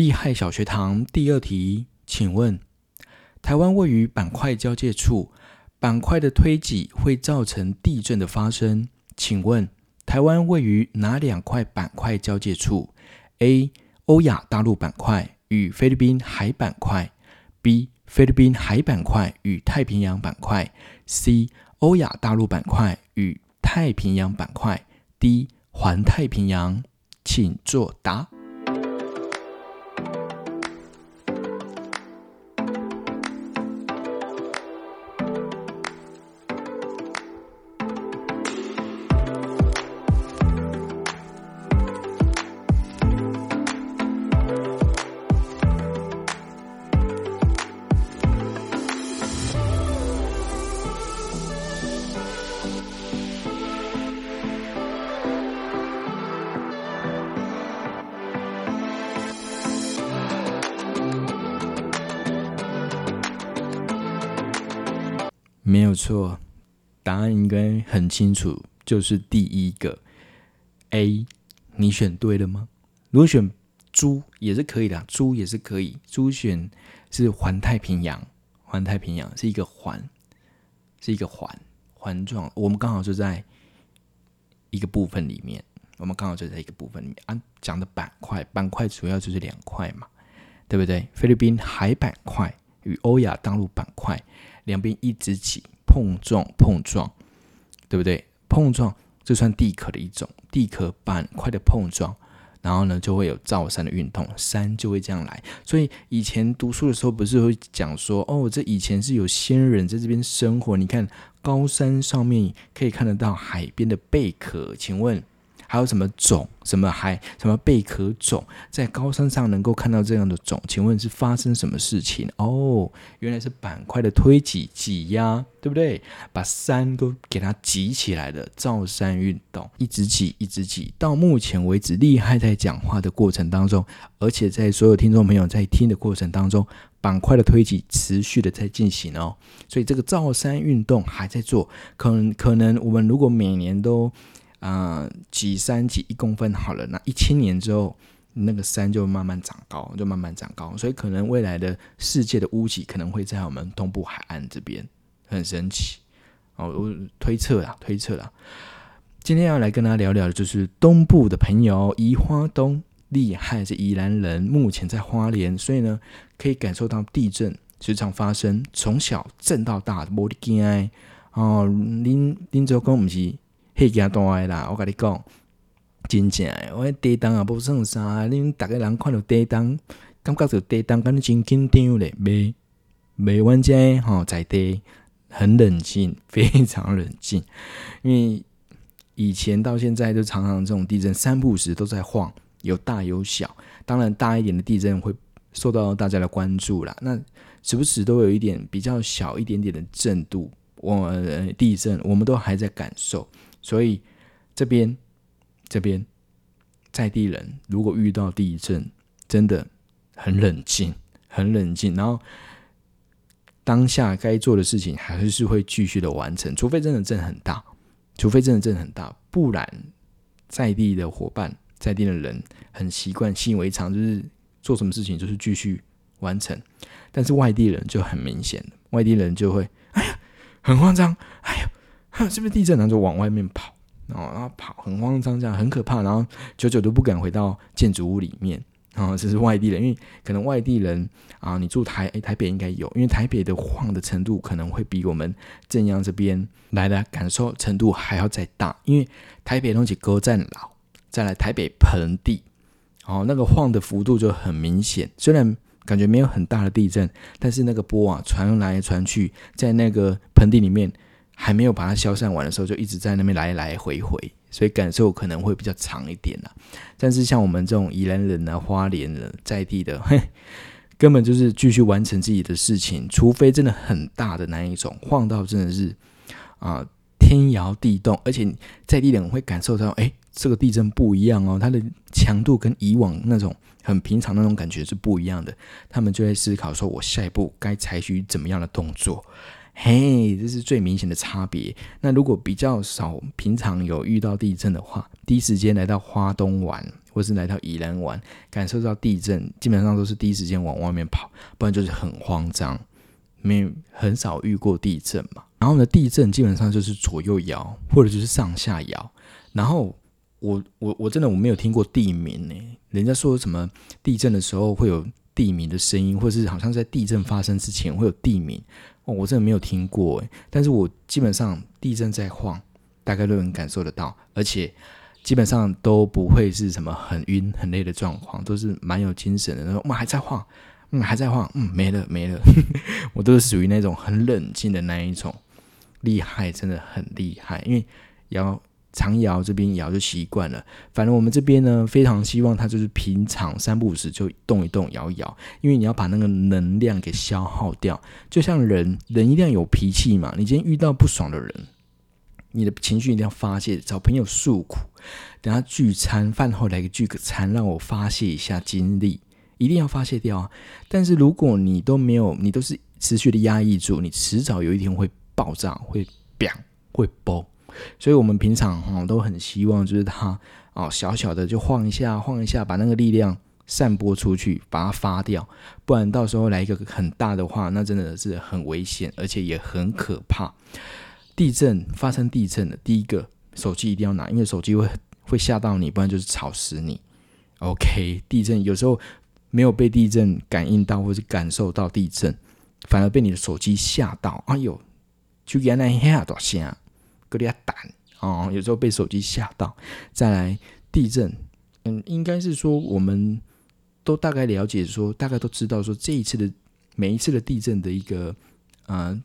厲害小學堂第二題，請問台灣位於板塊交界處，板塊的推擠會造成地震的發生。請問台灣位於哪兩塊板塊交界處？A. 歐亞大陸板塊與菲律賓海板塊；B. 菲律賓海板塊與太平洋板塊；C. 歐亞大陸板塊與太平洋板塊；D. 環太平洋。請作答。沒錯，答案應該很清楚，就是第一個 A。你選對了嗎？如果選豬也是可以的，豬也是可以。豬選是環太平洋，環太平洋是一個環，是一個環，環狀。我們剛好就在一個部分裡面，我們剛好就在一個部分裡面啊。講的板塊，板塊主要就是兩塊嘛，對不對？菲律賓海板塊與歐亞大陸板塊兩邊一直擠。碰撞，碰撞，對不對？碰撞這，算地殼的一種，地殼板塊的碰撞，然後呢，就會有造山的運動，山就會這樣來。所以以前讀書的時候，不是會講說，哦，這以前是有仙人在這邊生活，你看高山上面可以看得到海邊的貝殼。請問？還有什麼種，什麼海，什麼貝殼種在高山上能夠看到這樣的種？請問是發生什麼事情？哦，原來是板塊的推擠擠壓，對不對？把山都給它擠起來的造山運動，一直擠，一直擠。到目前為止，厲害在講話的過程當中，而且在所有聽眾朋友在聽的過程當中，板塊的推擠持續的在進行哦，所以這個造山運動還在做。可能可能，我們如果每年都呃，幾山幾一公分好了，那一千年之後，那個山就慢慢長高，就慢慢長高，所以可能未來的世界的屋脊可能會在我們東部海岸這邊，很神奇哦。我推測啊，推測啊，今天要來跟大家聊聊的就是東部的朋友宜花東。厲害，是宜蘭人，目前在花蓮，所以呢，可以感受到地震時常發生，從小震到大的玻璃驚哀哦。林林州公我們是。迄件大誒啦！我甲你講，真正誒，我迄地震也無算啥，恁逐個人看到地震，感覺就地震，感覺真緊張嘞，袂袂，阮遮吼在地很冷靜，非常冷靜。因為以前到現在，就常常這種地震三不時都在晃，有大有小。當然，大一點的地震會受到大家的關注啦。那時不時都有一點比較小一點點的震度，我地震我們都還在感受。所以，這邊，這邊在地人如果遇到地震，真的很冷靜，很冷靜。然後當下該做的事情還是會繼續的完成，除非真的震很大，除非真的震很大，不然在地的夥伴，在地的人很習慣，習以為常，就是做什麼事情就是繼續完成。但是外地人就很明顯，外地人就會，哎呀，很慌張，哎呀。是不是地震？然後就往外面跑，然後，然後跑很慌張，這樣很可怕。然後久久都不敢回到建築物裡面。然後這是外地人，因為可能外地人啊，你住台，欸，台北應該有，因為台北的晃的程度可能會比我們正陽這邊來的感受程度還要再大，因為台北東西隔在老，再來台北盆地，哦，那個晃的幅度就很明顯。雖然感覺沒有很大的地震，但是那個波啊傳來傳去，在那個盆地裡面。還沒有把它消散完的時候，就一直在那邊來來回回，所以感受可能會比較長一點啦。但是像我們這種宜蘭人呢、啊、花蓮人在地的嘿，根本就是繼續完成自己的事情，除非真的很大的那一種晃到真的是啊、呃、天搖地動，而且在地的人會感受到，哎、欸，這個地震不一樣哦，它的強度跟以往那種很平常那種感覺是不一樣的。他們就會思考說，我下一步該採取怎麼樣的動作。嘿，hey, 這是最明顯的差別。那如果比較少平常有遇到地震的話，第一時間來到花東玩，或是來到宜蘭玩，感受到地震，基本上都是第一時間往外面跑，不然就是很慌張。沒很少遇過地震嘛，然後呢，地震基本上就是左右搖，或者就是上下搖。然後我我我真的我沒有聽過地鳴呢、欸，人家說什麼地震的時候會有地鳴的聲音，或者是好像在地震發生之前會有地鳴。哦，我真的沒有聽過誒，但是我基本上地震在晃，大概都能感受得到，而且基本上都不會是什麼很暈、很累的狀況，都是蠻有精神的那種，嗯，我們還在晃，嗯，還在晃，嗯，沒了，沒了。呵呵，我都是屬於那種很冷靜的那一種。厲害，真的很厲害，因為要。常搖這邊搖就習慣了，反正我們這邊呢，非常希望他就是平常三不五時就動一動，搖一搖，因為你要把那個能量給消耗掉。就像人，人一定要有脾氣嘛，你今天遇到不爽的人，你的情緒一定要發洩，找朋友訴苦，等他聚餐飯後來個聚個餐，讓我發洩一下精力，一定要發洩掉啊！但是如果你都沒有，你都是持續的壓抑住，你遲早有一天會爆炸，會砰，會崩。所以，我們平常哦都很希望，就是它哦小小的就晃一下，晃一下，把那個力量散播出去，把它發掉。不然到時候來一個很大的話，那真的是很危險，而且也很可怕。地震發生，地震的第一個，手機一定要拿，因為手機會會嚇到你，不然就是吵死你。OK，地震有時候沒有被地震感應到，或是感受到地震，反而被你的手機嚇到。哎呦，就原來嚇到先。擱底亞膽啊，有時候被手機嚇到，再來地震，嗯，應該是說我們都大概了解說，說大概都知道說這一次的每一次的地震的一個、呃、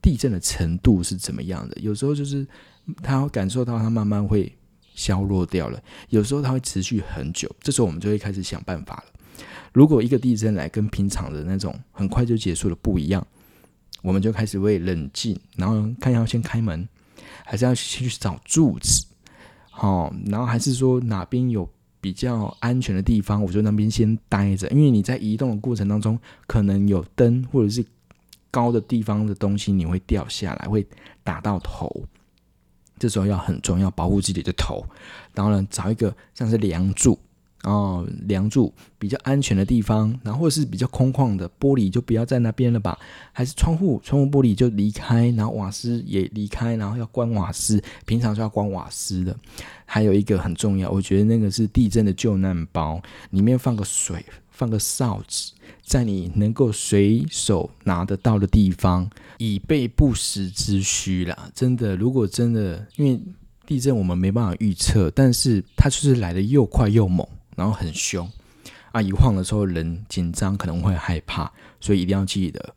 地震的程度是怎麼樣的。有時候就是他會感受到它慢慢會削弱掉了，有時候它會持續很久，這時候我們就會開始想辦法了。如果一個地震來跟平常的那種很快就結束了不一樣，我們就開始會冷靜，然後看要先開門。還是要先去找柱子，好、哦，然後還是說哪邊有比較安全的地方，我就那邊先待着因為你在移動的過程當中，可能有燈或者是高的地方的東西，你會掉下來，會打到頭。這時候要很重要，保護自己的頭。然後呢，找一個像是梁柱。哦，梁柱比較安全的地方，然後或者是比較空曠的玻璃就不要在那邊了吧？還是窗戶、窗戶玻璃就離開，然後瓦斯也離開，然後要關瓦斯，平常就要關瓦斯的。還有一個很重要，我覺得那個是地震的救難包，裡面放個水，放個哨子，在你能夠隨手拿得到的地方，以備不時之需啦。真的，如果真的因為地震，我們沒辦法預測，但是它就是來得又快又猛。然後很兇，啊！一晃的時候，人緊張可能會害怕，所以一定要記得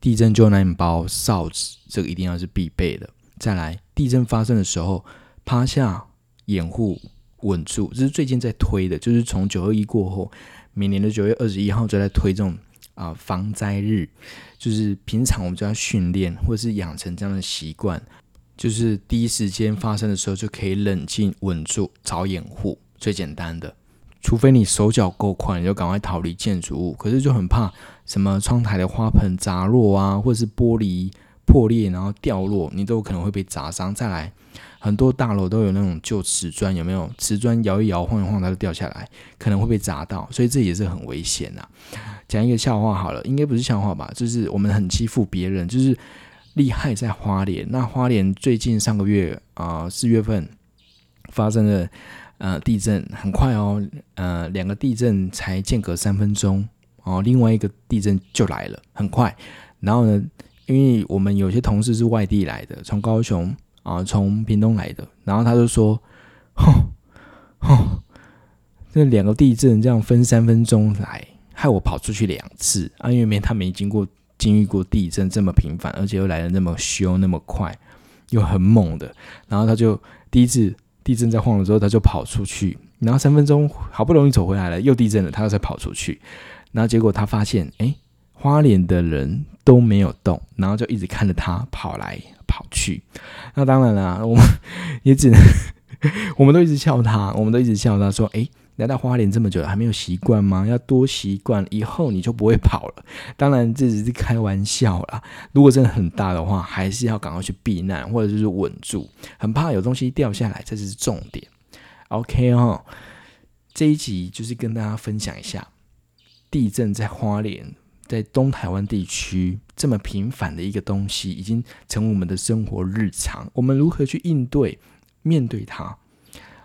地震救難包、哨子，這個一定要是必備的。再來，地震發生的時候趴下、掩護、穩住，這是最近在推的，就是從九二一過後，每年的九月二十一號就在推這種啊、呃、防災日，就是平常我們就要訓練或者是養成這樣的習慣，就是第一時間發生的時候就可以冷靜、穩住、找掩護，最簡單的。除非你手腳夠快，你就趕快逃離建築物。可是就很怕什麼窗台的花盆砸落啊，或者是玻璃破裂然後掉落，你都有可能會被砸傷。再來，很多大樓都有那種舊瓷磚，有沒有？瓷磚搖一搖、晃一晃，它就掉下來，可能會被砸到，所以這也是很危險啊。講一個笑話好了，應該不是笑話吧？就是我們很欺負別人，就是厲害在花蓮。那花蓮最近上個月啊，四月份發生了。呃，地震很快哦，呃，兩個地震才間隔三分鐘哦，另外一個地震就來了，很快。然後呢，因為我們有些同事是外地來的，從高雄啊、呃，從屏東來的，然後他就說，哼哼，這兩個地震這樣分三分鐘來，害我跑出去兩次，啊，因為沒他沒經過，經歷過地震這麼頻繁，而且又來得那麼兇、那麼快，又很猛的，然後他就第一次。地震在晃了之後，他就跑出去，然後三分鐘好不容易走回來了，又地震了，他又再跑出去，然後結果他發現，哎、欸，花蓮的人都沒有動，然後就一直看着他跑來跑去。那當然啦，我們也只能，我們都一直笑他，我們都一直笑他說，哎、欸。來到花蓮這麼久了，還沒有習慣嗎？要多習慣，以後你就不會跑了。當然這只是開玩笑啦，如果真的很大的話，還是要趕快去避難，或者就是穩住，很怕有東西掉下來，這是重點。OK 哦。這一集就是跟大家分享一下，地震在花蓮，在東台灣地區，這麼頻繁的一個東西，已經成為我們的生活日常。我們如何去應對、面對它？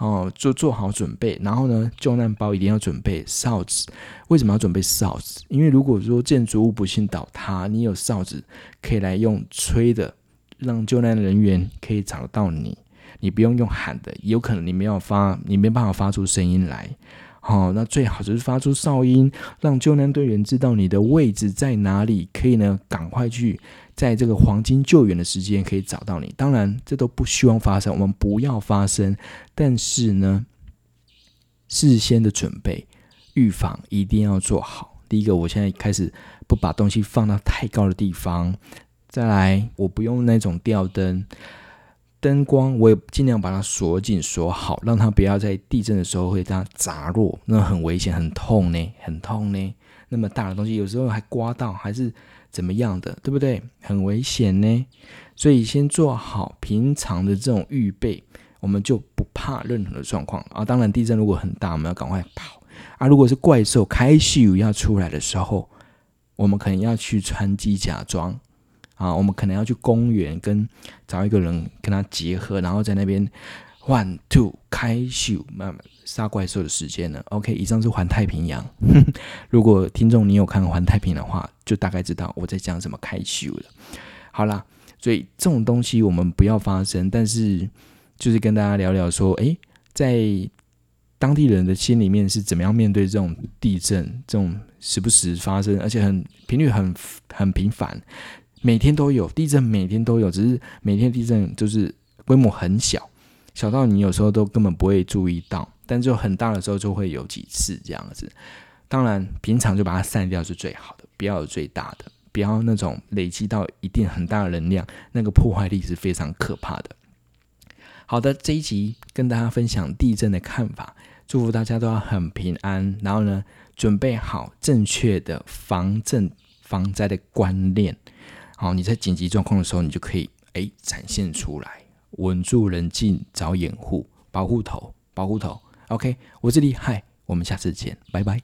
哦，做做好準備，然後呢，救難包一定要準備哨子。為什麼要準備哨子？因為如果說建築物不幸倒塌，你有哨子可以來用吹的，讓救難人員可以找到你。你不用用喊的，有可能你沒有發，你沒辦法發出聲音來。好、哦，那最好就是發出哨音，讓救難隊員知道你的位置在哪裡，可以呢，趕快去，在這個黃金救援的時間可以找到你。當然，這都不希望發生，我們不要發生。但是呢，事先的準備、預防一定要做好。第一個，我現在開始不把東西放到太高的地方。再來，我不用那種吊燈。燈光我也盡量把它鎖緊鎖好，讓它不要在地震的時候會這樣砸落，那很危險，很痛呢，很痛呢。那麼大的東西，有時候還刮到，還是怎麼樣的，對不對？很危險呢。所以先做好平常的這種預備，我們就不怕任何的狀況啊。當然，地震如果很大，我們要趕快跑啊。如果是怪獸開始要出來的時候，我們可能要去穿機甲裝。啊，我們可能要去公園，跟找一個人跟他結合，然後在那邊 one two 開秀，慢慢殺怪獸的時間了。OK，以上是環太平洋。 如果聽眾你有看環太平洋的話，就大概知道我在講什麼開秀了。好啦，所以這種東西我們不要發生，但是就是跟大家聊聊說，哎、欸，在當地人的心裡面是怎麼樣面對這種地震，這種時不時發生，而且很頻率很很頻繁。每天都有地震，每天都有，只是每天地震就是規模很小，小到你有時候都根本不會注意到。但就很大的時候就會有幾次這樣子。當然，平常就把它散掉是最好的，不要有最大的，不要那種累積到一定很大的能量，那個破壞力是非常可怕的。好的，這一集跟大家分享地震的看法，祝福大家都要很平安。然後呢，準備好正確的防震防災的觀念。好，你在緊急狀況的時候，你就可以哎、欸、展現出來，穩住冷靜，找掩護，保護頭，保護頭。OK，我是李海，Hi, 我們下次見，拜拜。